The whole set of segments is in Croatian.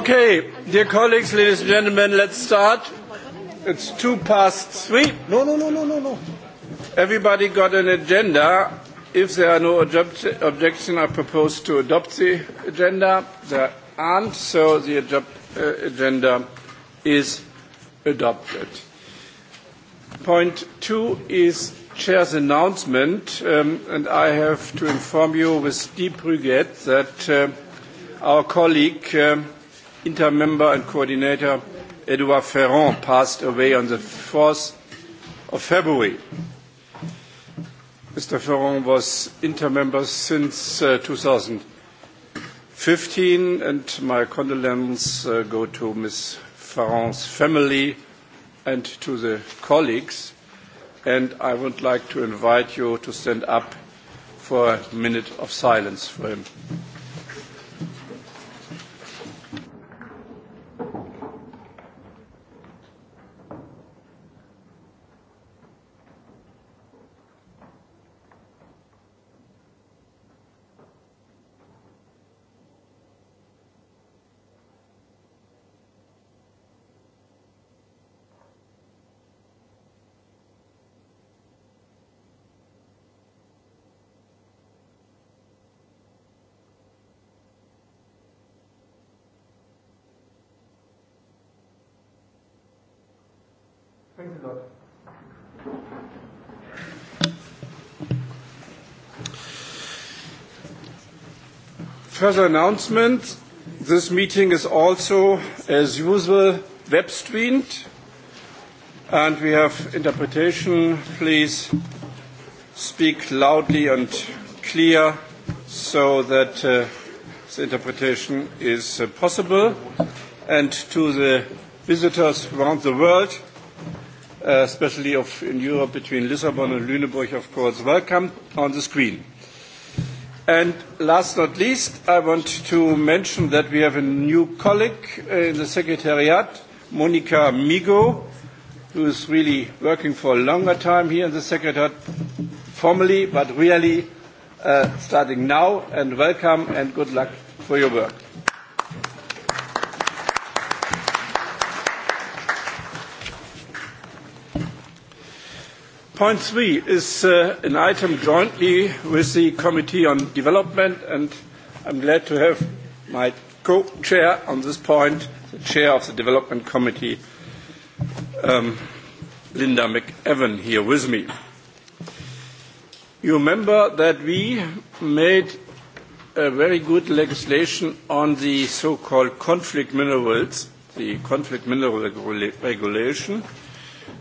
Okay, dear colleagues, ladies and gentlemen, let's start. It's two past three. No, no, no, no, no, no. Everybody got an agenda. If there are no object objections, I propose to adopt the agenda. There aren't, so the uh, agenda is adopted. Point two is Chair's announcement, um, and I have to inform you with deep regret that uh, our colleague, um, intermember and coordinator Edouard Ferrand passed away on the 4th of February. Mr. Ferrand was intermember since 2015, uh, and my condolences uh, go to Ms. Ferrand's family and to the colleagues. And I would like to invite you to stand up for a minute of silence for him. Further announcement. This meeting is also, as usual, web streamed, and we have interpretation. Please speak loudly and clear so that uh, the interpretation is uh, possible. And to the visitors around the world, Uh, especially of, in Europe between Lisbon and Lüneburg, of course, welcome on the screen. And last but not least, I want to mention that we have a new colleague in the Secretariat, Monica Migo, who is really working for a longer time here in the Secretariat, formally but really uh, starting now. And welcome and good luck for your work. Point three is uh, an item jointly with the Committee on Development, and I'm glad to have my co-chair on this point, the chair of the Development Committee, um, Linda McEwan, here with me. You remember that we made a very good legislation on the so-called conflict minerals, the conflict mineral regulation,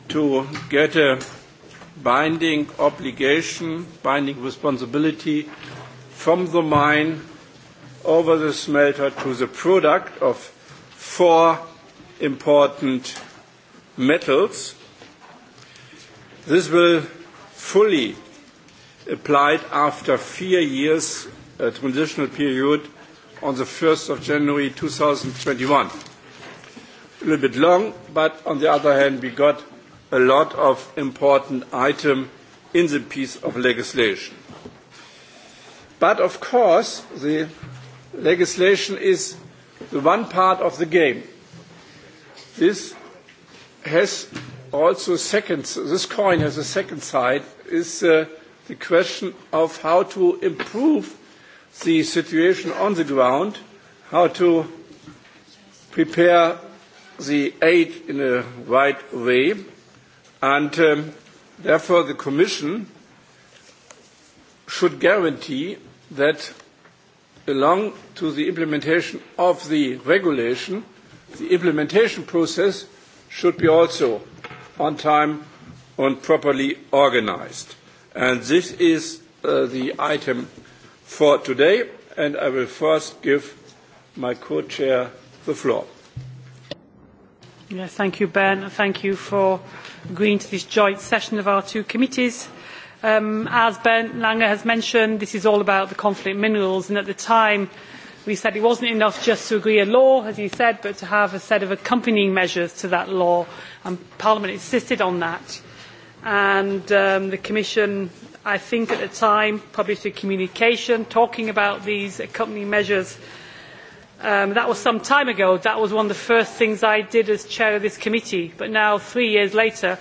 to get a binding obligation, binding responsibility from the mine over the smelter to the product of four important metals. This will fully apply after four years a transitional period on the 1st of January 2021. A little bit long, but on the other hand, we got a lot of important items in the piece of legislation. But of course, the legislation is the one part of the game. This has also second, this coin has a second side, is uh, the question of how to improve the situation on the ground, how to prepare the aid in a right way, And um, therefore, the Commission should guarantee that along to the implementation of the regulation, the implementation process should be also on time and properly organized. And this is uh, the item for today, and I will first give my co-chair the floor. Yeah, thank you, Ben. Thank you for agreeing to this joint session of our two committees. Um, as Ben Lange has mentioned, this is all about the conflict minerals, and at the time we said it was not enough just to agree a law, as he said, but to have a set of accompanying measures to that law, and Parliament insisted on that. And um, the Commission, I think at the time, published a communication talking about these accompanying measures Um, that was some time ago. That was one of the first things I did as chair of this committee. But now, three years later,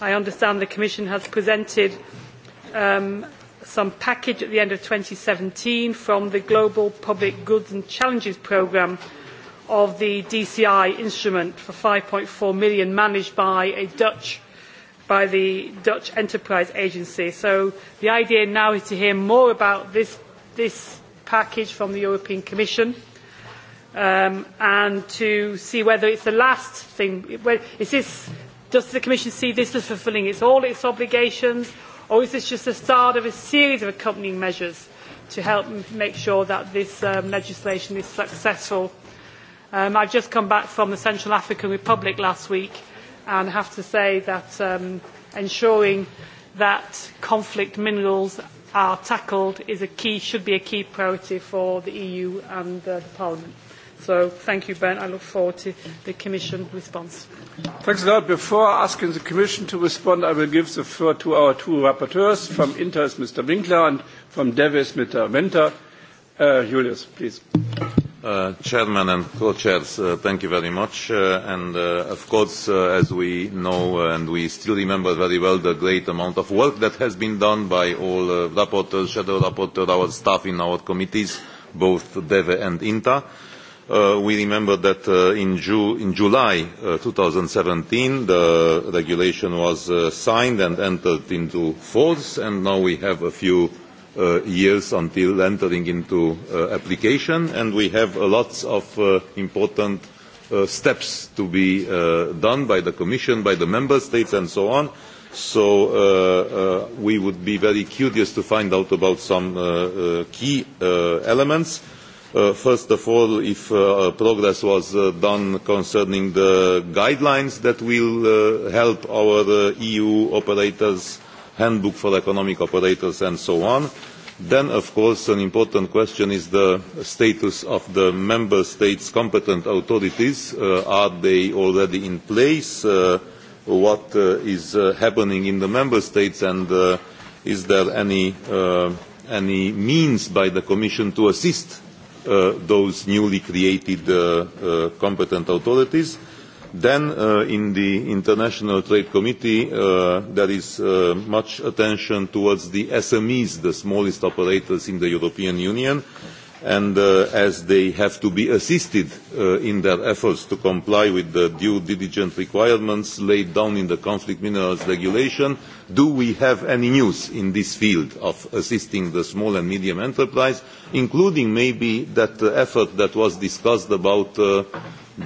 I understand the Commission has presented um, some package at the end of 2017 from the Global Public Goods and Challenges Programme of the DCI instrument for 5.4 million managed by a Dutch by the Dutch Enterprise Agency. So the idea now is to hear more about this, this package from the European Commission Um, and to see whether it's the last thing. Is this, does the Commission see this as fulfilling its, all its obligations, or is this just the start of a series of accompanying measures to help make sure that this um, legislation is successful? I um, I've just come back from the Central African Republic last week and I have to say that ensuring that conflict minerals are tackled is a key, should be a key priority for the EU and uh, the Parliament. So thank you, Ben. I look forward to the Commission response. Thanks a lot. Before asking the Commission to respond, I will give the floor to our two rapporteurs. From Inter is Mr. Winkler and from is Mr. Venter. Uh, Julius, please. Uh, chairman and co-chairs, uh, thank you very much. Uh, and uh, of course, uh, as we know uh, and we still remember very well the great amount of work that has been done by all rapporteurs, shadow rapporteurs, our staff in our committees, both DEVE and INTA. Uh, we remember that uh, in, Ju in July uh, 2017 the regulation was uh, signed and entered into force and now we have a few years until entering into application and we have lots of important steps to be done by the Commission, by the Member States and so on. So we would be very curious to find out about some key elements Uh, first of all, if uh, progress was uh, done concerning the guidelines that will help our EU operators, handbook for economic operators and so on, then of course an important question is the status of the Member States competent authorities. Are they already in place? What is happening in the Member States and is there any, any means by the Commission to assist Uh, those newly created uh, uh, competent authorities. Then in the International Trade Committee there is much attention towards the SMEs, the smallest operators in the European Union and uh, as they have to be assisted uh, in their efforts to comply with the due diligence requirements laid down in the conflict minerals regulation do we have any news in this field of assisting the small and medium enterprise including maybe that uh, effort that was discussed about uh,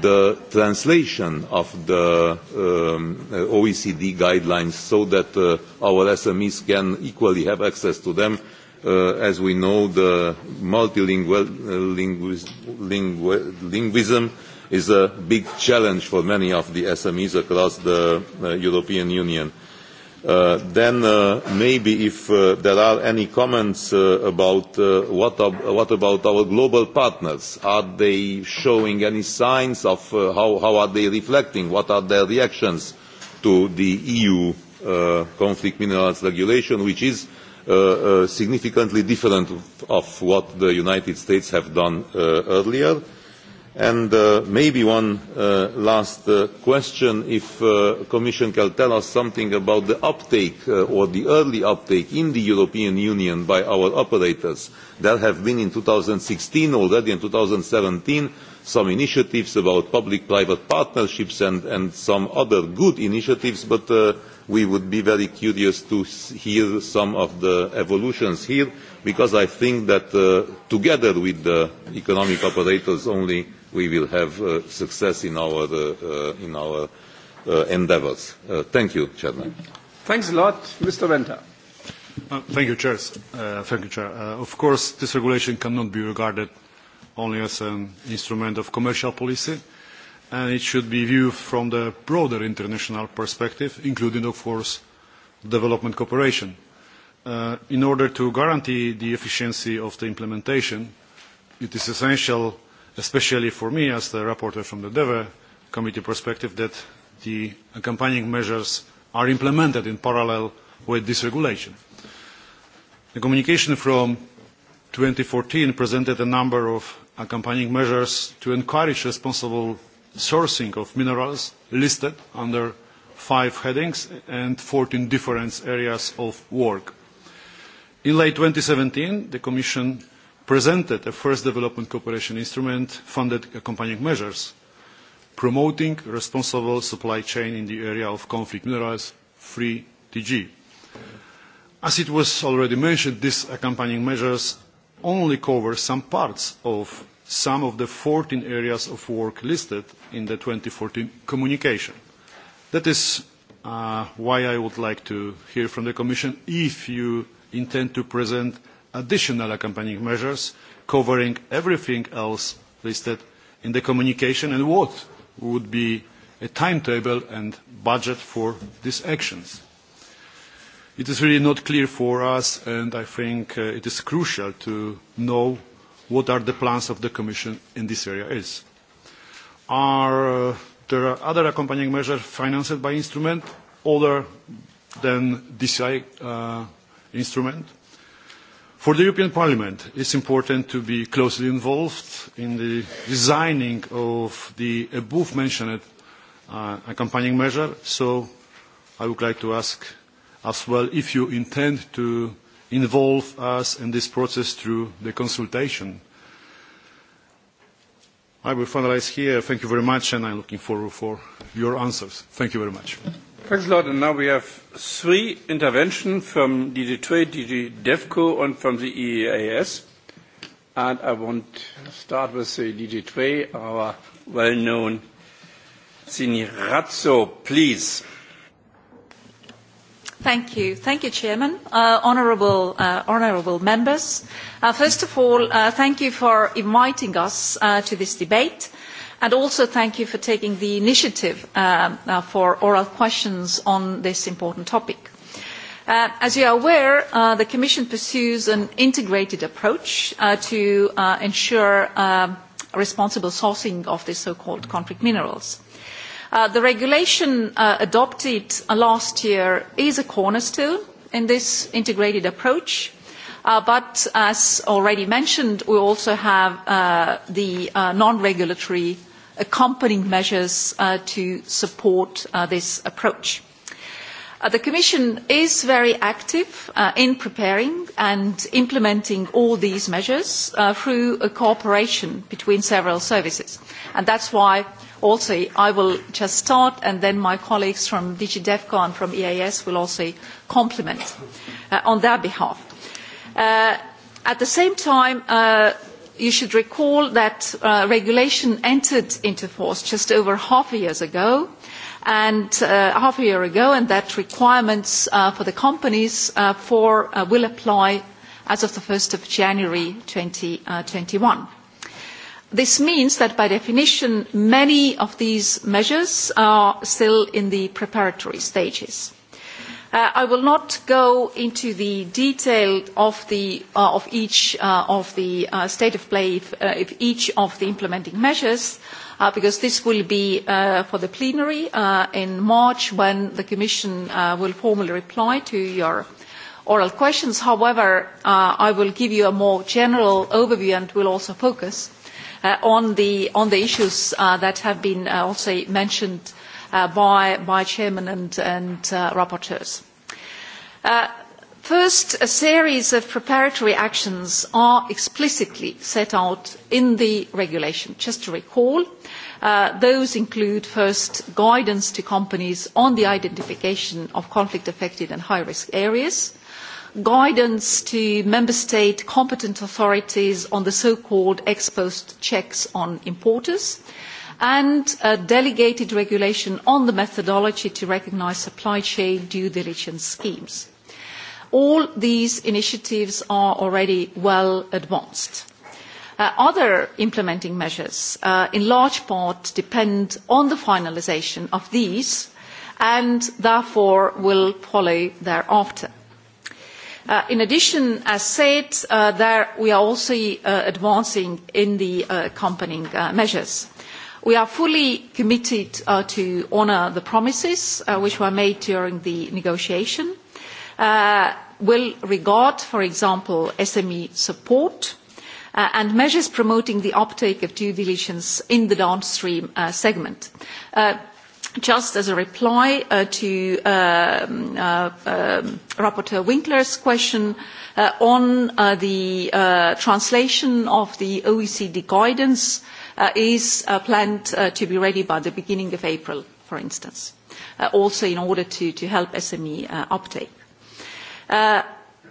the translation of the um, uh, oecd guidelines so that our smes can equally have access to them as we know the multilingualism is a big challenge for many of the smes across the european union Uh, then uh, maybe if uh, there are any comments about what, about our global partners are they showing any signs of how, how are they reflecting what are their reactions to the eu conflict minerals regulation which is significantly different of what the united states have done earlier? And uh, maybe one uh, last uh, question, if the Commission can tell us something about the uptake or the early uptake in the European Union by our operators. that have been in 2016 already and 2017 some initiatives about public private partnerships and, and some other good initiatives but uh, we would be very curious to hear some of the evolutions here because i think that uh, together with the economic operators only we will have uh, success in our uh, uh, in our uh, endeavours. thank you chairman thanks a lot mr venter thank you chair thank you chair of course this regulation cannot be regarded only as an instrument of commercial policy, and it should be viewed from the broader international perspective, including, of course, development cooperation. Uh, in order to guarantee the efficiency of the implementation, it is essential, especially for me as the rapporteur from the DEVE committee perspective, that the accompanying measures are implemented in parallel with this regulation. The communication from 2014 presented a number of accompanying measures to encourage responsible sourcing of minerals listed under five headings and 14 different areas of work. In late 2017, the Commission presented a first development cooperation instrument funded accompanying measures promoting responsible supply chain in the area of conflict minerals, free TG. As it was already mentioned, these accompanying measures only cover some parts of some of the 14 areas of work listed in the 2014 communication. That is uh, why I would like to hear from the Commission if you intend to present additional accompanying measures covering everything else listed in the communication and what would be a timetable and budget for these actions. It is really not clear for us, and I think uh, it is crucial to know what are the plans of the Commission in this area is. Are uh, there are other accompanying measures financed by instrument other than DCI uh, instrument? For the European Parliament, it's important to be closely involved in the designing of the above-mentioned uh, accompanying measure, so I would like to ask as well if you intend to involve us in this process through the consultation. I will finalize here. Thank you very much, and I'm looking forward for your answers. Thank you very much. Thanks a lot. And now we have three intervention from DG Trade, DG DEFCO, and from the EEAS. And I want to start with the DG Trade, our well-known Sinirazzo, please. Thank you. Thank you, Chairman. Uh, uh, members, uh, first of all, thank you for inviting us to this debate and also thank you for taking the initiative for oral questions on this important topic. as you are aware, the Commission pursues an integrated approach to ensure responsible sourcing of the so-called conflict minerals. Uh, the regulation uh, adopted uh, last year is a cornerstone in this integrated approach. but as already mentioned, we also have the non-regulatory accompanying measures to support this approach. The Commission is very active in preparing and implementing all these measures through cooperation between several services. And that's why also I will just start and then my colleagues from DG and from EAS will also complement uh, on their behalf. Uh, at the same time, uh, you should recall that regulation entered into force just over half a year ago and half a year ago and that requirements for the companies for will apply as of the 1st of January 2021. This means that by definition many of these measures are still in the preparatory stages. Uh, I will not go into the detail of, the, uh, of each uh, of the state of play of each of the implementing measures because this will be for the plenary in March when the Commission will formally reply to your oral questions. However, I will give you a more general overview and will also focus Uh, on the issues uh, that have been uh, also mentioned by chairman and rapporteurs. First, a series of preparatory actions are explicitly set out in the regulation. Just to recall, those include first guidance to companies on the identification of conflict affected and high risk areas, guidance to member state competent authorities on the so-called ex post checks on importers and a delegated regulation on the methodology to recognise supply chain due diligence schemes. All these initiatives are already well advanced. Uh, other implementing measures uh, in large part depend on the finalisation of these and therefore will follow thereafter. Uh, in addition, as said, uh, there we are also uh, advancing in the accompanying measures. We are fully committed to honour the promises which were made during the negotiation. Will regard, for example, SME support and measures promoting the uptake of due diligence in the downstream segment. Just as a reply uh, to um, uh, um, Rapporteur Winkler's question uh, on the translation of the OECD guidance is planned to be ready by the beginning of April, for instance, also in order to help SME uptake.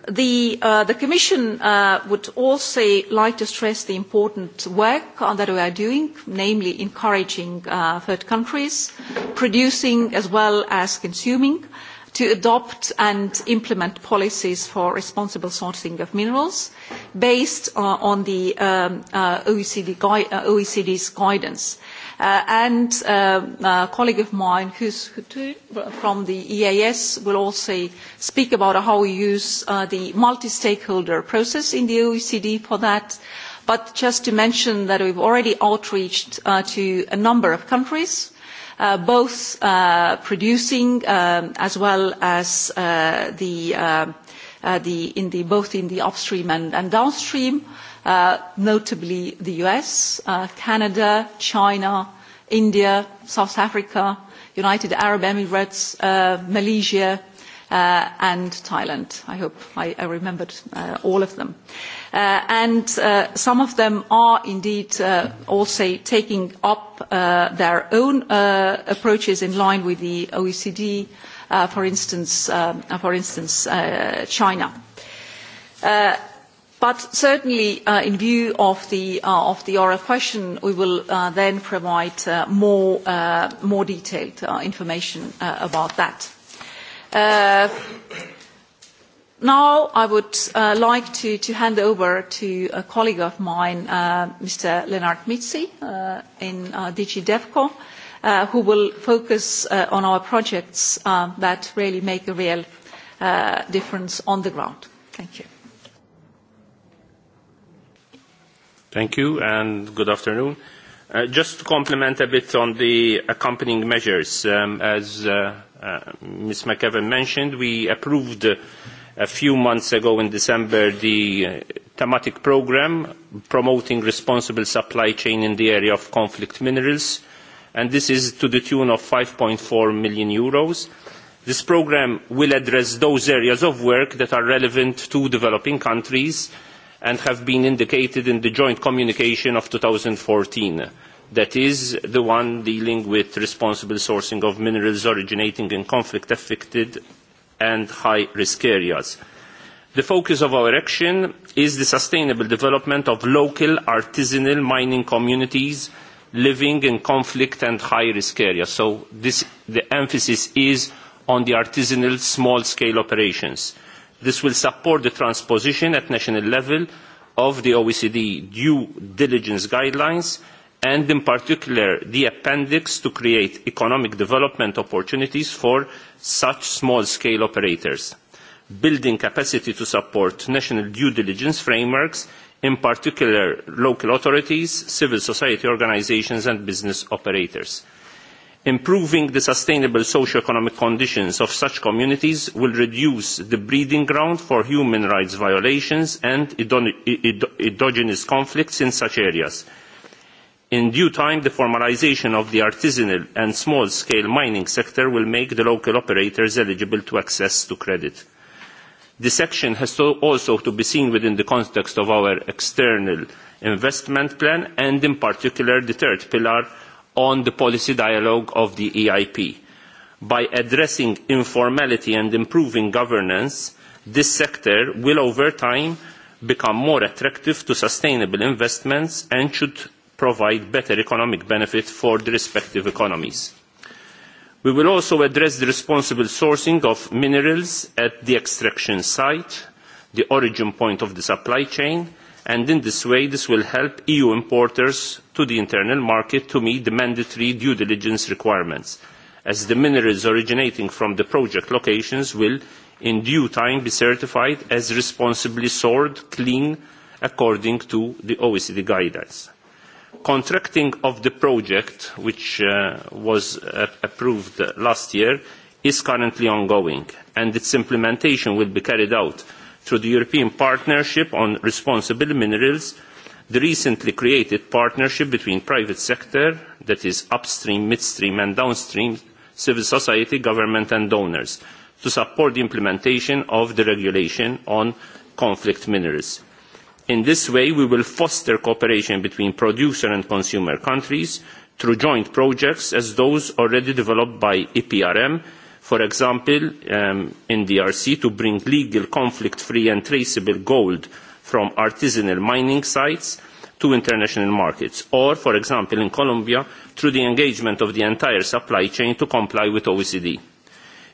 The, uh, the Commission uh, would also like to stress the important work that we are doing, namely encouraging uh, third countries, producing as well as consuming, to adopt and implement policies for responsible sourcing of minerals based on the um, OECD OECD's guidance Uh, and uh, a colleague of mine who's from the EAS will also speak about how we use uh, the multi-stakeholder process in the OECD for that. But just to mention that we've already outreached to a number of countries, both producing um, as well as the, the, in the, both in the upstream and downstream. Uh, notably the US, uh, Canada, China, India, South Africa, United Arab Emirates, uh, Malaysia, and Thailand. I hope I, remembered all of them. and some of them are indeed also taking up their own approaches in line with the OECD, for instance, um, for instance China. But certainly, uh, in view uh, of the, oral question, we will uh, then provide more, detailed information about that. Now I would like to, hand over to a colleague of mine, Mr. Leonard Mizzi, in DG DevCo, who will focus on our projects that really make a real difference on the ground. Thank you. Thank you and good afternoon. Uh, just to complement a bit on the accompanying measures, um, as uh, uh, Ms. McEvan mentioned, we approved a few months ago in December the thematic program promoting responsible supply chain in the area of conflict minerals, and this is to the tune of 5.4 million euros. This program will address those areas of work that are relevant to developing countries and have been indicated in the joint communication of 2014 that is the one dealing with responsible sourcing of minerals originating in conflict affected and high risk areas. The focus of our action is the sustainable development of local artisanal mining communities living in conflict and high risk areas. So the emphasis is on the artisanal small scale operations this will support the transposition at national level of the oecd due diligence guidelines and in particular the appendix to create economic development opportunities for such small scale operators building capacity to support national due diligence frameworks in particular local authorities civil society organisations and business operators improving the sustainable socio economic conditions of such communities will reduce the breeding ground for human rights violations and endogenous conflicts in such areas. in due time the formalisation of the artisanal and small scale mining sector will make the local operators eligible to access to credit. this action has also to be seen within the context of our external investment plan and in particular the third pillar on the policy dialogue of the eip. by addressing informality and improving governance this sector will over time become more attractive to sustainable investments and should provide better economic benefit for the respective economies. we will also address the responsible sourcing of minerals at the extraction site the origin point of the supply chain and in this way this will help eu importers to the internal market to meet the mandatory due diligence requirements as the minerals originating from the project locations will in due time be certified as responsibly sourced clean according to the oecd guidelines. contracting of the project which uh, was uh, approved last year is currently ongoing and its implementation will be carried out through the European Partnership on Responsible Minerals, the recently created partnership between private sector, that is upstream, midstream and downstream, civil society, government and donors, to support the implementation of the regulation on conflict minerals. In this way, we will foster cooperation between producer and consumer countries through joint projects as those already developed by EPRM for example um, in DRC to bring legal conflict free and traceable gold from artisanal mining sites to international markets or for example in Colombia through the engagement of the entire supply chain to comply with OECD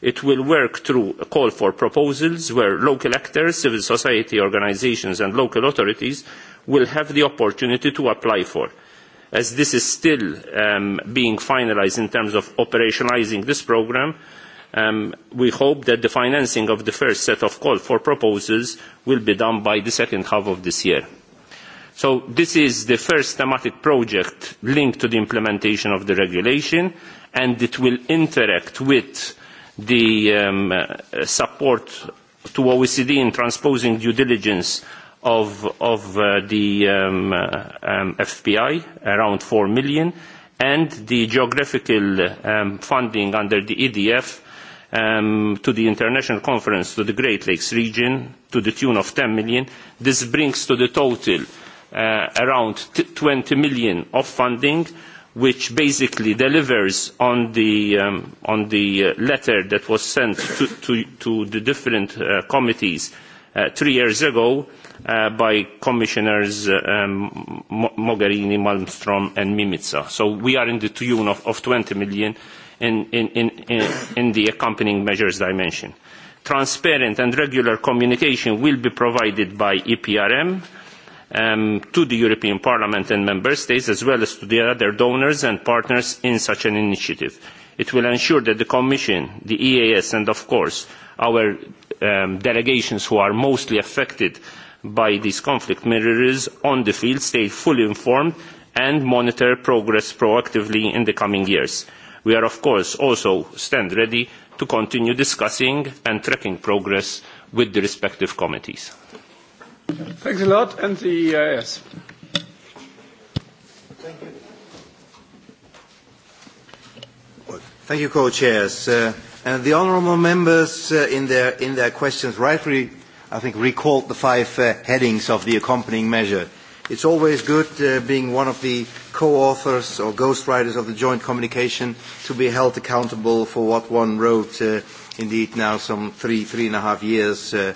it will work through a call for proposals where local actors civil society organisations and local authorities will have the opportunity to apply for as this is still um, being finalised in terms of operationalising this programme Um, we hope that the financing of the first set of call for proposals will be done by the second half of this year. So this is the first thematic project linked to the implementation of the regulation and it will interact with the um, uh, support to OECD in transposing due diligence of, of uh, the um, uh, um FPI, around 4 million, and the geographical um, funding under the EDF um, to the international conference to the Great Lakes region to the tune of 10 million. This brings to the total uh, around 20 million of funding, which basically delivers on the, um, on the uh, letter that was sent to, to, the different uh, committees uh, three years ago uh, by Commissioners um, Mogherini, Malmstrom and Mimica. So we are in the tune of, of 20 million in, in, in, in the accompanying measures dimension. Transparent and regular communication will be provided by EPRM um, to the European Parliament and Member States as well as to the other donors and partners in such an initiative. It will ensure that the Commission, the EAS and of course our um, delegations who are mostly affected by these conflict mirrors on the field stay fully informed and monitor progress proactively in the coming years we are of course also stand ready to continue discussing and tracking progress with the respective committees. Thanks a lot and the uh, Thank you. co-chairs. Uh, and the honourable members uh, in, their, in their questions rightly, I think, recalled the five headings of the accompanying measure It's always good uh, being one of the co-authors or ghostwriters of the joint communication to be held accountable for what one wrote uh, indeed now some three, three and a half years uh,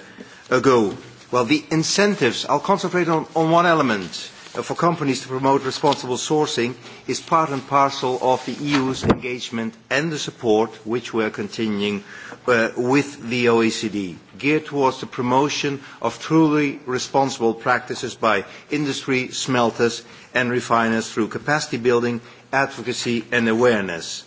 ago. Well, the incentives, I'll concentrate on, on one element for companies to promote responsible sourcing is part and parcel of the EU's engagement and the support which we are continuing uh, with the OECD, geared towards the promotion of truly responsible practices by industry, smelters and refiners through capacity building, advocacy and awareness.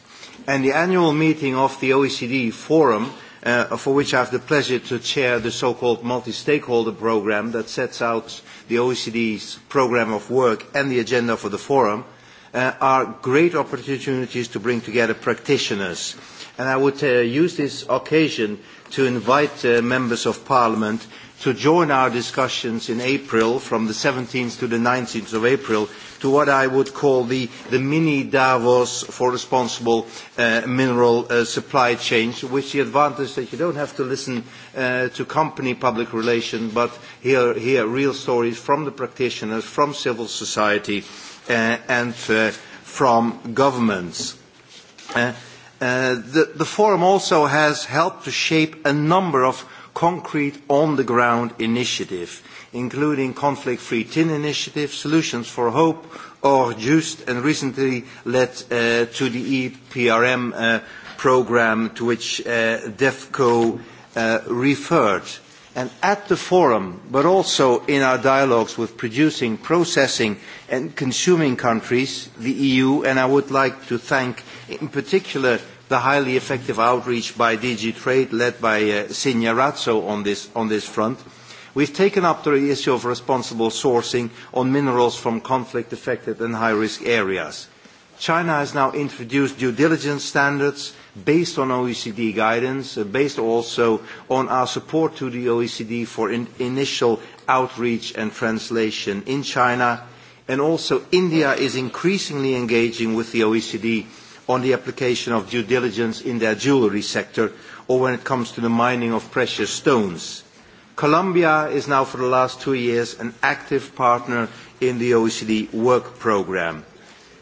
And the annual meeting of the OECD Forum Uh, for which I have the pleasure to chair the so-called multi-stakeholder program that sets out the OECD's program of work and the agenda for the forum, uh, are great opportunities to bring together practitioners – and I would uh, use this occasion to invite uh, members of parliament to join our discussions in April from the 17th to the 19th of April to what I would call the, the mini Davos for responsible uh, mineral supply chains, with the advantage that you don't have to listen to company public relations, but hear real stories from the practitioners, from civil society, and from governments. Uh, the, the forum also has helped to shape a number of concrete on-the-ground initiatives, including conflict-free tin initiative, solutions for hope, or just and recently led uh, to the EPRM programme uh, program to which DEFCO referred. And at the forum, but also in our dialogues with producing, processing and consuming countries, the EU, and I would like to thank in particular the highly effective outreach by DG Trade led by uh, Razzo on this, on this front. We've taken up the issue of responsible sourcing on minerals from conflict-affected and high-risk areas. China has now introduced due diligence standards based on OECD guidance, uh, based also on our support to the OECD for initial outreach and translation in China. And also India is increasingly engaging with the OECD on the application of due diligence in their jewellery sector or when it comes to the mining of precious stones. Colombia is now for the last two years an active partner in the OECD work programme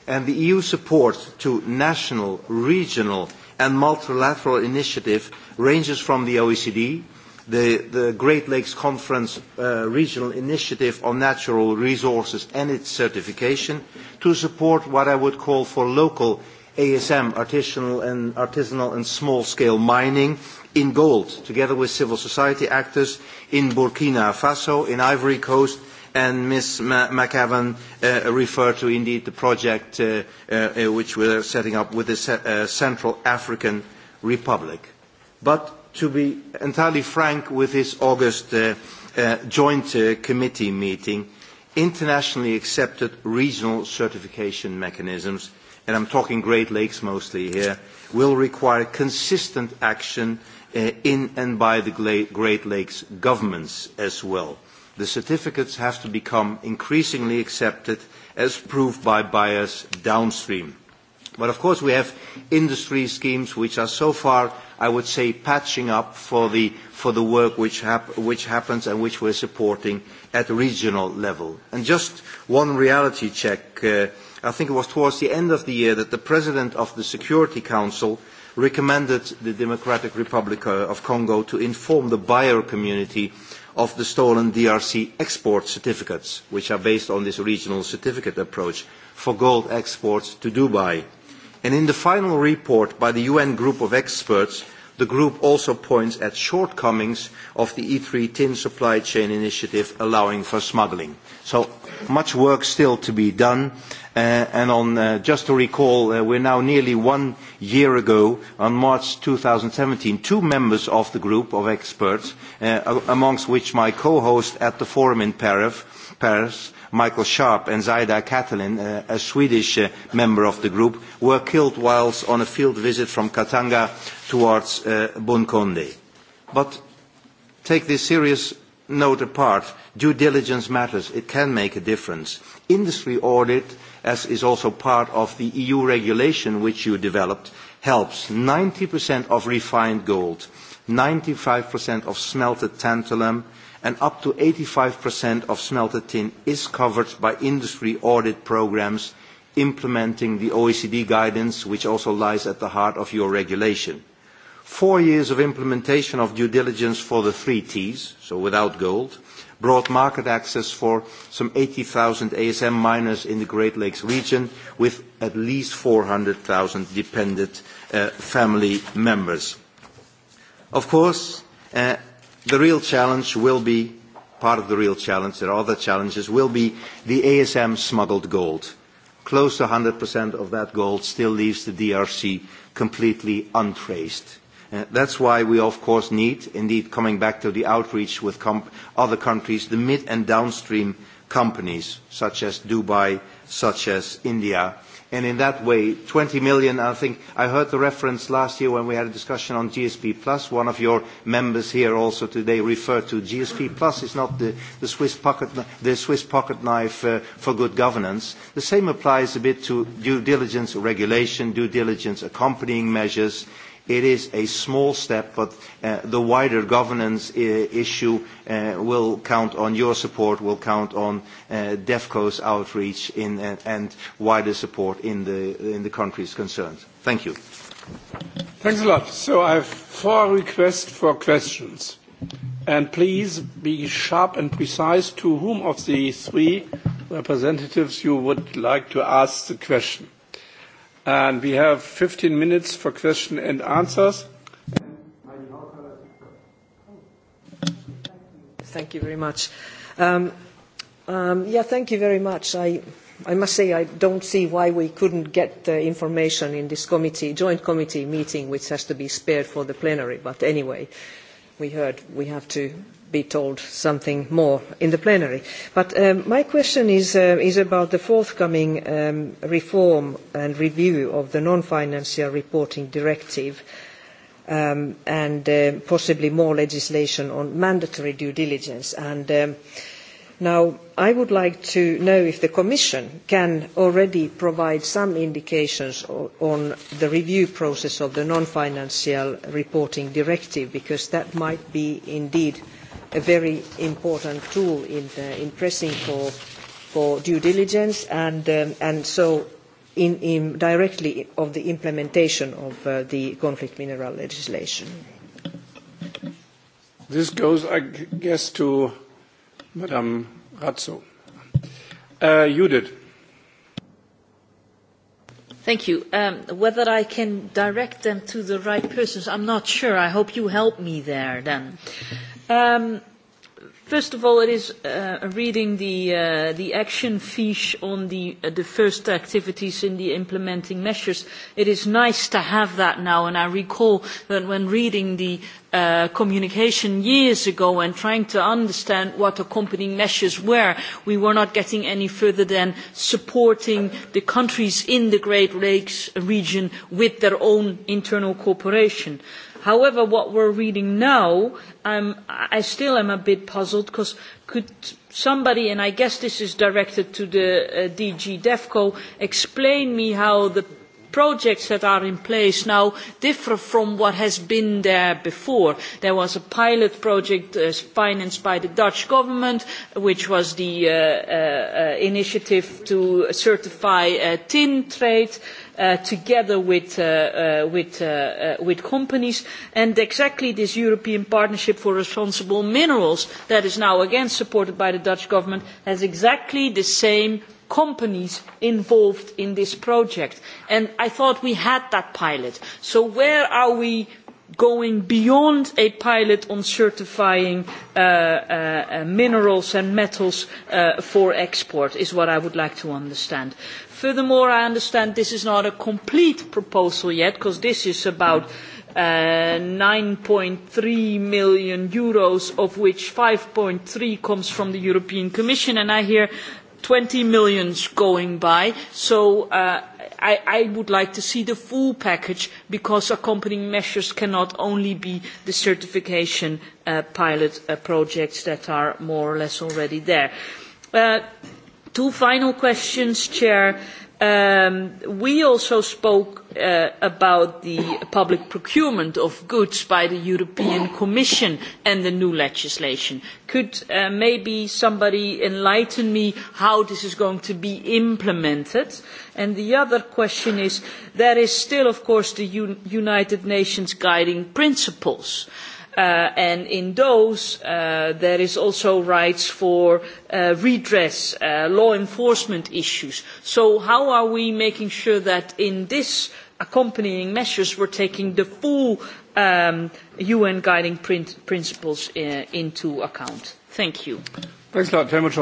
and the EU support to national, regional and multilateral initiative ranges from the OECD, the, the Great Lakes Conference uh, Regional Initiative on Natural Resources and its certification, to support what I would call for local ASM, artisanal and, small-scale mining in gold, together with civil society actors in Burkina Faso, in Ivory Coast, and Ms. McAvan uh, referred to indeed the project uh, uh, which we are setting up with the Central African Republic. But to be entirely frank with this August joint committee meeting, internationally accepted regional certification mechanisms and I'm talking Great Lakes mostly here, will require consistent action uh, in and by the Great Lakes governments as well. The certificates have to become increasingly accepted as proved by buyers downstream But of course we have industry schemes which are so far, I would say, patching up for the, for the work which, hap which happens and which we are supporting at regional level. And just one reality check. Uh, I think it was towards the end of the year that the President of the Security Council recommended the Democratic Republic uh, of Congo to inform the buyer community of the stolen DRC export certificates, which are based on this regional certificate approach for gold exports to Dubai and in the final report by the un group of experts the group also points at shortcomings of the e3 tin supply chain initiative allowing for smuggling so much work still to be done uh, and on uh, just to recall uh, we are now nearly one year ago on march 2017 two members of the group of experts amongst which my co-host at the forum in paris Michael Sharp and Zaida Catalin, uh, a Swedish uh, member of the group, were killed whilst on a field visit from Katanga towards uh, Bunkonde. But take this serious note apart. Due diligence matters. It can make a difference. Industry audit, as is also part of the EU regulation which you developed, helps. 90% of refined gold, 95% of smelted tantalum, and up to 85% of smelted tin is covered by industry audit programs implementing the OECD guidance, which also lies at the heart of your regulation. Four years of implementation of due diligence for the three Ts, so without gold, brought market access for some 80,000 ASM miners in the Great Lakes region, with at least 400,000 dependent uh, family members. Of course, uh, the real challenge will be part of the real challenge there are other challenges will be the asm smuggled gold close to 100% of that gold still leaves the drc completely untraced uh, that's why we of course need indeed coming back to the outreach with other countries the mid and downstream companies such as dubai such as india and in that way 20 million i think i heard the reference last year when we had a discussion on gsp plus one of your members here also today referred to gsp plus is not the, the swiss pocket knife uh, for good governance the same applies a bit to due diligence regulation due diligence accompanying measures It is a small step, but uh, the wider governance uh, issue uh, will count on your support, will count on DEFCO's outreach and wider support in the, in the countries concerned. Thank you. Thanks a lot. So I have four requests for questions. And please be sharp and precise to whom of the three representatives you would like to ask the question. And we have 15 minutes for question and answers. Thank you very much. Um, um, yeah, thank you very much. I, I must say I don't see why we couldn't get the information in this committee, joint committee meeting, which has to be spared for the plenary. But anyway, we heard we have to be told something more in the plenary. But um, my question is, uh, is about the forthcoming um, reform and review of the non-financial reporting directive um, and uh, possibly more legislation on mandatory due diligence. And now I would like to know if the Commission can already provide some indications on the review process of the non-financial reporting directive because that might be indeed a very important tool in, the, uh, in pressing for, for due diligence and, um, and so in, in directly of the implementation of uh, the conflict mineral legislation. This goes, I guess, to Madame Razzo. Uh, Judith. Thank you. Um, whether I can direct them to the right persons, I'm not sure. I hope you help me there then. Um, first of all, it is uh, reading the, uh, the action fiche on the, uh, the first activities in the implementing measures. It is nice to have that now, and I recall that when reading the Uh, communication years ago and trying to understand what accompanying measures were we were not getting any further than supporting the countries in the great lakes region with their own internal cooperation. However, what we're reading now, I'm, I still am a bit puzzled because could somebody, and I guess this is directed to the uh, DG DEFCO, explain me how the projects that are in place now differ from what has been there before. There was a pilot project uh, financed by the Dutch government, which was the uh, initiative to certify tin trade. Uh, together with, uh, uh, with, with companies and exactly this european partnership for responsible minerals that is now again supported by the dutch government has exactly the same companies involved in this project and i thought we had that pilot so where are we going beyond a pilot on certifying minerals and metals for export is what i would like to understand furthermore i understand this is not a complete proposal yet because this is about uh, 9.3 million euros of which 5.3 comes from the european commission and i hear 20 million going by so uh, i i would like to see the full package because accompanying measures cannot only be the certification uh, pilot uh, projects that are more or less already there Two final questions, Chair. Um, we also spoke uh, about the public procurement of goods by the European Commission and the new legislation. Could uh, maybe somebody enlighten me how this is going to be implemented? And the other question is, there is still, of course, the United Nations guiding principles. Uh, and in those uh, there is also rights for uh, redress law enforcement issues so how are we making sure that in this accompanying measures we are taking the full un um, guiding principles into account? thank you. thanks lot. thank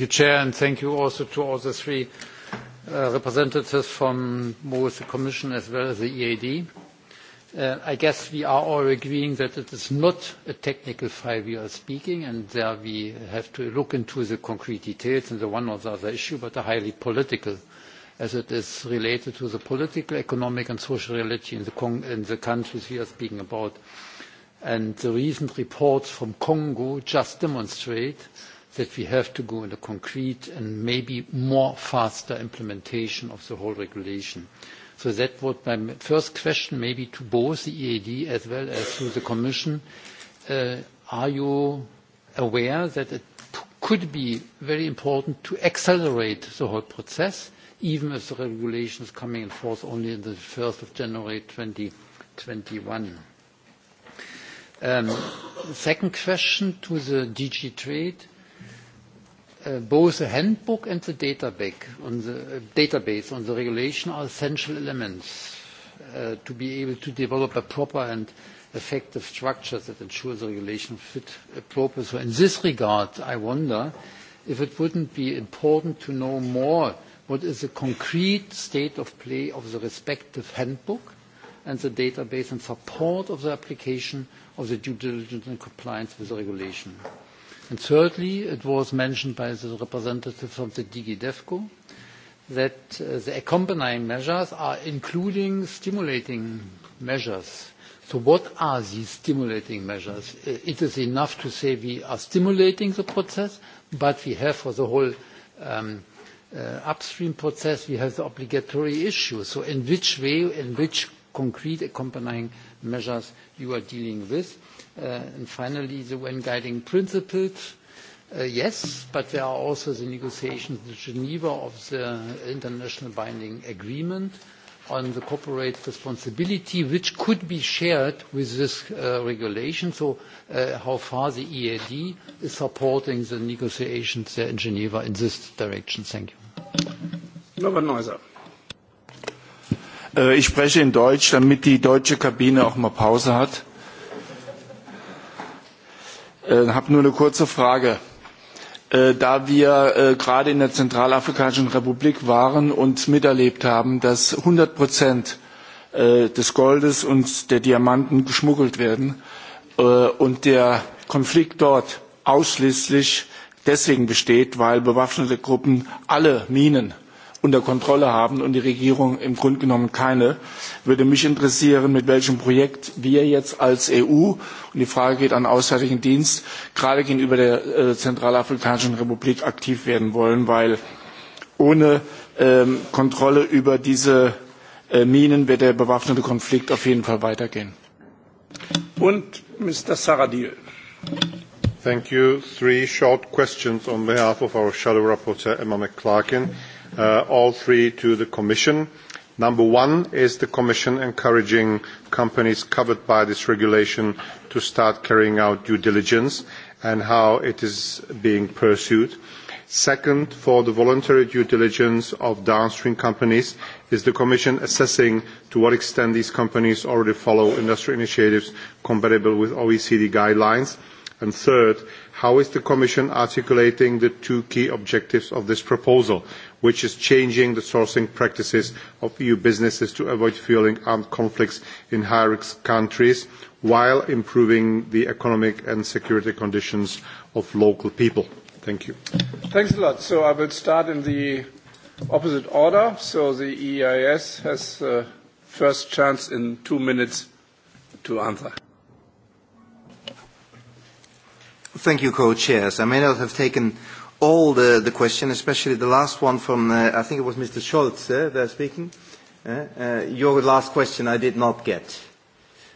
you chair and thank you also to all the three Uh, representatives from both the Commission as well as the EAD. Uh, I guess we are all agreeing that it is not a technical file we are speaking, and there we have to look into the concrete details and the one or the other issue, but a highly political, as it is related to the political, economic, and social reality in the, in the countries we are speaking about. And the recent reports from Congo just demonstrate that we have to go into concrete and maybe more faster implementation of the whole regulation. So that was my first question maybe to both the EAD as well as to the Commission. Uh, are you aware that it could be very important to accelerate the whole process, even if the regulation is coming in force only on the 1st of January 2021? Um, second question to the DG Trade Äh, both the handbook and the äh, database on the regulation are essential elements äh, to be able to develop a proper and effective structure that ensures the regulation fit purpose. So in this regard, I wonder if it wouldn't be important to know more what is the concrete state of play of the respective handbook and the database in support of the application of the due diligence and compliance with the regulation thirdly, it was mentioned by the representative from the DG that uh, the accompanying measures are including stimulating measures. So what are these stimulating measures? Uh, it is enough to say we are stimulating the process, but we have for the whole um, uh, upstream process, we have the obligatory issues, So in which way, in which concrete accompanying measures you are dealing with? Uh, and finally, the UN guiding principles. Uh, yes, but there are also the negotiations in Geneva of the international binding agreement on the corporate responsibility, which could be shared with this uh, regulation. So, how far the EAD is supporting the negotiations there in Geneva in this direction? Thank you. Norbert Neuser. Äh, ich spreche in Deutsch, damit die deutsche Kabine auch mal Pause hat Ich äh, habe nur eine kurze Frage. Äh, da wir äh, gerade in der Zentralafrikanischen Republik waren und miterlebt haben, dass 100 Prozent des Goldes und der Diamanten geschmuggelt werden und der Konflikt dort ausschließlich deswegen besteht, weil bewaffnete Gruppen alle Minen unter Kontrolle haben und die Regierung im Grunde genommen keine. Würde mich interessieren, mit welchem Projekt wir jetzt als EU, und die Frage geht an Auswärtigen Dienst, gerade gegenüber der äh, Zentralafrikanischen Republik aktiv werden wollen, weil ohne ähm, Kontrolle über diese äh, Minen wird der bewaffnete Konflikt auf jeden Fall weitergehen. Und Mr. Saradil. Thank you. Three short questions on behalf of our shadow Emma McClarkin. Uh, all three to the Commission. Number one is the Commission encouraging companies covered by this regulation to start carrying out due diligence and how it is being pursued. Second, for the voluntary due diligence of downstream companies, is the Commission assessing to what extent these companies already follow industry initiatives compatible with OECD guidelines And third, how is the Commission articulating the two key objectives of this proposal, which is changing the sourcing practices of EU businesses to avoid fueling armed conflicts in high-risk countries while improving the economic and security conditions of local people? Thank you. Thanks a lot. So I will start in the opposite order. So the EIS has uh, first chance in two minutes to answer. Thank you, co-chairs. I may not have taken all the, the question, especially the last one from, uh, I think it was Mr. Scholz uh, there speaking. Uh, uh, your last question I did not get.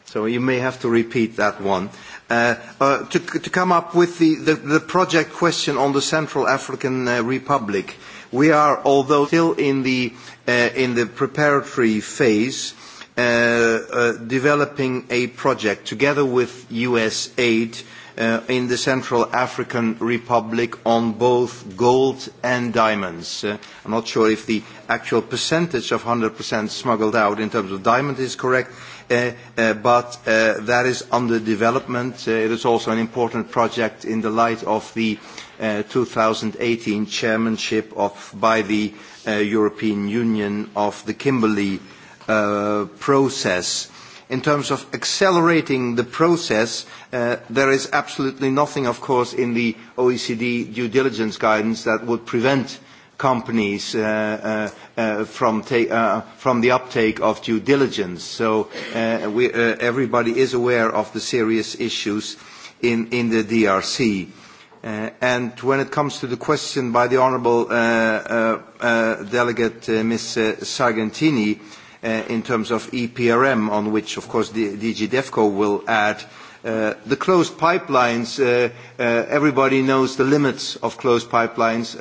So you may have to repeat that one. Uh, uh, to, to come up with the, the, the project question on the Central African uh, Republic, we are, although still in the, uh, in the preparatory phase, uh, uh, developing a project together with US aid Uh, in the Central African Republic on both gold and diamonds. I uh, I'm not sure if the actual percentage of 100% smuggled out in terms of diamond is correct, uh, but that is under development. It is also an important project in the light of the 2018 chairmanship of, by the European Union of the Kimberley process in terms of accelerating the process, uh, there is absolutely nothing, of course, in the OECD due diligence guidance that would prevent companies uh, uh, from, from the uptake of due diligence. So we, everybody is aware of the serious issues in, in the DRC. And when it comes to the question by the honourable delegate, Ms. Sargentini, Uh, in terms of EPRM, on which, of course, the DG DEFCO will add. Uh, the closed pipelines, uh, everybody knows the limits of closed pipelines.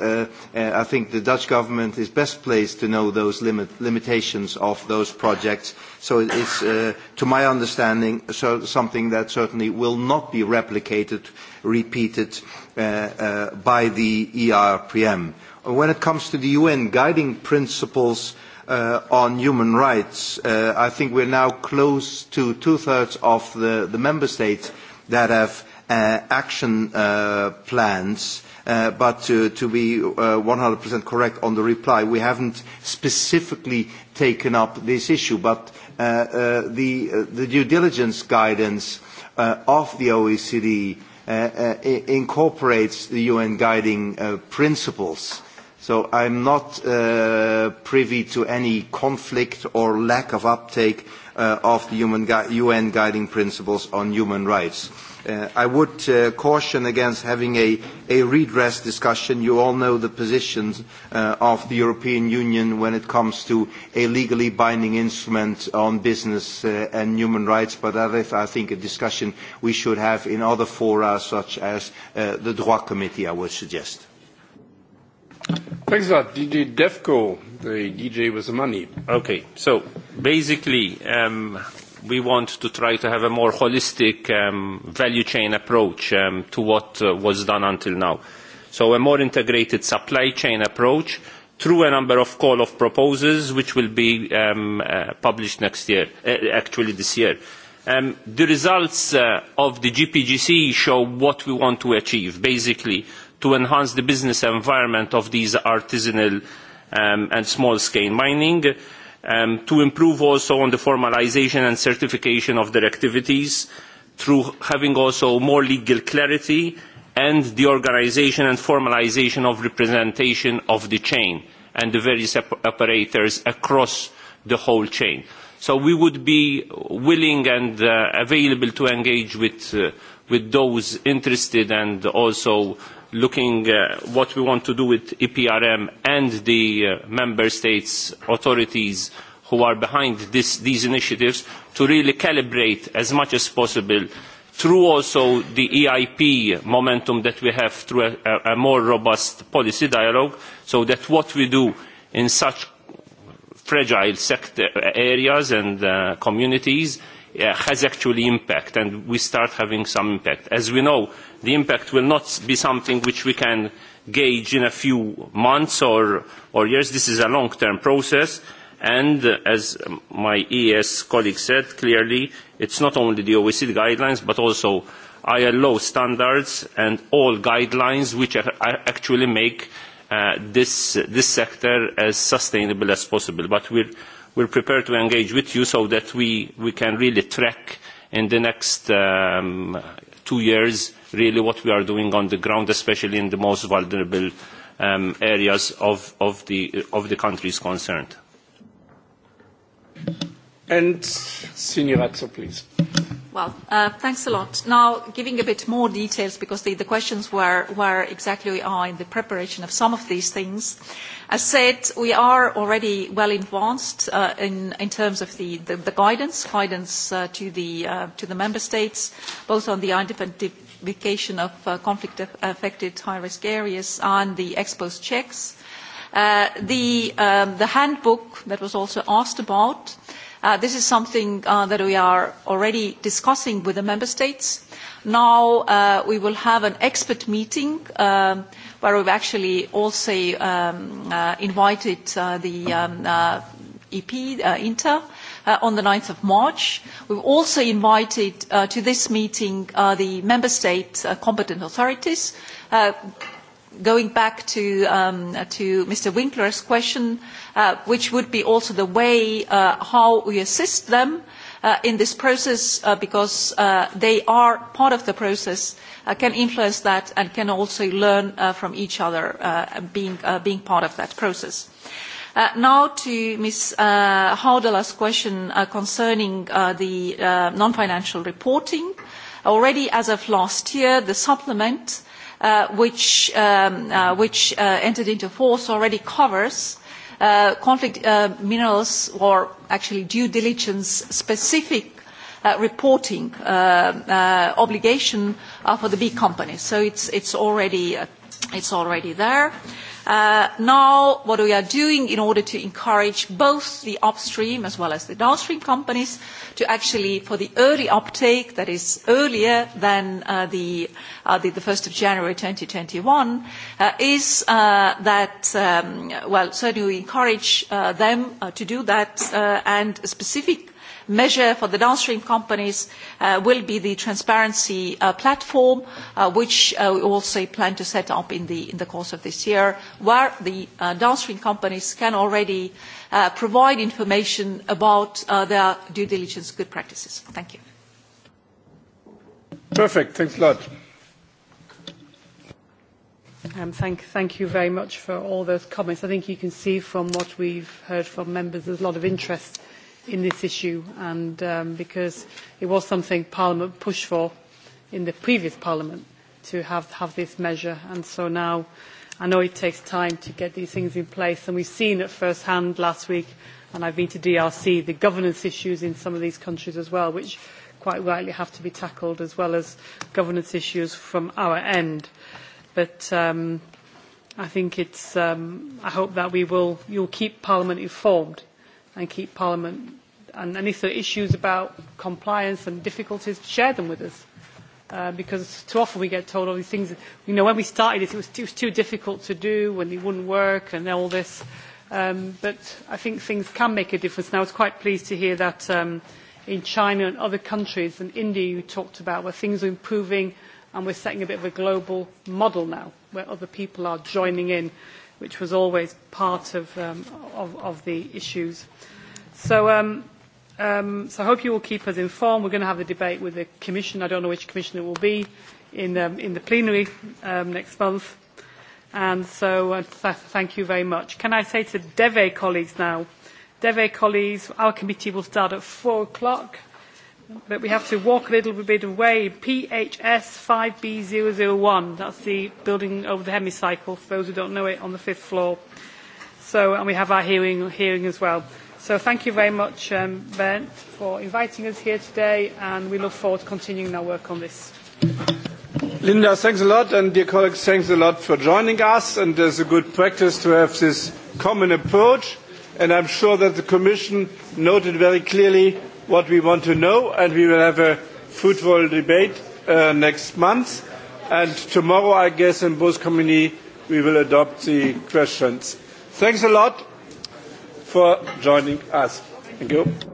I think the Dutch government is best placed to know those limitations of those projects. So it is, to my understanding, something that certainly will not be replicated, repeated by the ERPM. When it comes to the UN guiding principles, Uh, on human rights. Uh, I think we are now close to two-thirds of the, the member states that have uh, action plans. But to be 100% correct on the reply, we haven't specifically taken up this issue. But the, the due diligence guidance of the OECD incorporates the UN guiding principles So am not uh, privy to any conflict or lack of uptake uh, of the UN guiding principles on human rights. Uh, I would caution against having a, redress discussion. You all know the positions of the European Union when it comes to a legally binding instrument on business and human rights, but that is, I think, a discussion we should have in other fora, such as the Droit Committee, I would suggest. Thanks a lot. DJ DEFCO, the DJ with the money. Okay, so basically, um, we want to try to have a more holistic um, value chain approach um, to what uh, was done until now. So a more integrated supply chain approach through a number of call of proposals which will be um, uh, published next year, uh, actually this year. Um, the results uh, of the GPGC show what we want to achieve. Basically, to enhance the business environment of these artisanal um, and small scale mining um, to improve also on the formalisation and certification of their activities through having also more legal clarity and the organisation and formalisation of representation of the chain and the various operators across the whole chain. So we would be willing and uh, available to engage with uh, with those interested and also looking at uh, what we want to do with EPRM and the uh, member states authorities who are behind these initiatives to really calibrate as much as possible through also the EIP momentum that we have through a, more robust policy dialogue so that what we do in such fragile sector areas and uh, communities has actually impact and we start having some impact. As we know, the impact will not be something which we can gauge in a few months or, or years. This is a long-term process and as my ES colleague said clearly, it's not only the OECD guidelines but also ILO standards and all guidelines which actually make uh, this, this sector as sustainable as possible. But we're we're prepared to engage with you so that we, we can really track in the next um, two years really what we are doing on the ground, especially in the most vulnerable um, areas of, the, of the countries concerned. And President, please. Well, uh, thanks a lot. Now, giving a bit more details, because the, questions were where exactly we are in the preparation of some of these things. As said, we are already well advanced uh, in, in terms of the, guidance, guidance uh, to, the, to the member states, both on the identification of conflict-affected high-risk areas and the exposed post checks. The, um, the handbook that was also asked about, Uh, this is something uh, that we are already discussing with the member states. Now uh, we will have an expert meeting um, where we've actually also um, invited the um, EP, Inter, on the 9th of March. We've also invited to this meeting the member state competent authorities. Going back to Mr. Winkler's question, Uh, which would be also the way uh, how we assist them uh, in this process because they are part of the process can influence that and can also learn from each other being, being part of that process. now to Ms. Uh, question concerning the non-financial reporting. Already as of last year, the supplement, which um, entered into force, already covers Uh, conflict uh, minerals or actually due diligence specific uh, reporting obligation for the big companies so it's it's it's already there Uh, now, what we are doing in order to encourage both the upstream as well as the downstream companies to actually, for the early uptake that is earlier than uh, uh, the, the, 1st of January 2021, is uh, that, um, well, certainly we encourage them to do that and specific measure for the downstream companies uh, will be the transparency uh, platform, uh, which we also plan to set up in the, course of this year, where the downstream companies can already provide information about their due diligence good practices. Thank you. Perfect. Thanks a lot. Um, thank, thank you very much for all those comments. I think you can see from what we've heard from members, there's a lot of interest in this issue and um, because it was something Parliament pushed for in the previous Parliament to have, have this measure and so now I know it takes time to get these things in place and we've seen at first hand last week and I've been to DRC the governance issues in some of these countries as well which quite rightly have to be tackled as well as governance issues from our end but um, I think it's um, I hope that we will you'll keep Parliament informed and keep Parliament and any sort of issues about compliance and difficulties, share them with us. Uh, because too often we get told all these things. You know, when we started it, it was too, it was too difficult to do, and it wouldn't work, and all this. Um, but I think things can make a difference. And I was quite pleased to hear that um, in China and other countries, and India you talked about, where things are improving, and we're setting a bit of a global model now, where other people are joining in which was always part of, um, of, of the issues. So, um, um, so I hope you will keep us informed. We're going to have a debate with the Commission. I don't know which Commission it will be in, um, in the plenary um, next month. And so uh, thank you very much. Can I say to DEVE colleagues now, DEVE colleagues, our committee will start at four o'clock but we have to walk a little bit away. PHS 5B001, that's the building over the hemicycle, for those who don't know it, on the fifth floor. So, and we have our hearing, hearing as well. So thank you very much, um, for inviting us here today, and we look forward to continuing our work on this. Linda, thanks a lot, and dear colleagues, thanks a lot for joining us. And it's a good practice to have this common approach, and I'm sure that the Commission noted very clearly what we want to know and we will have a fruitful debate uh, next month and tomorrow I guess in both committees we will adopt the questions. Thanks a lot for joining us. Thank you.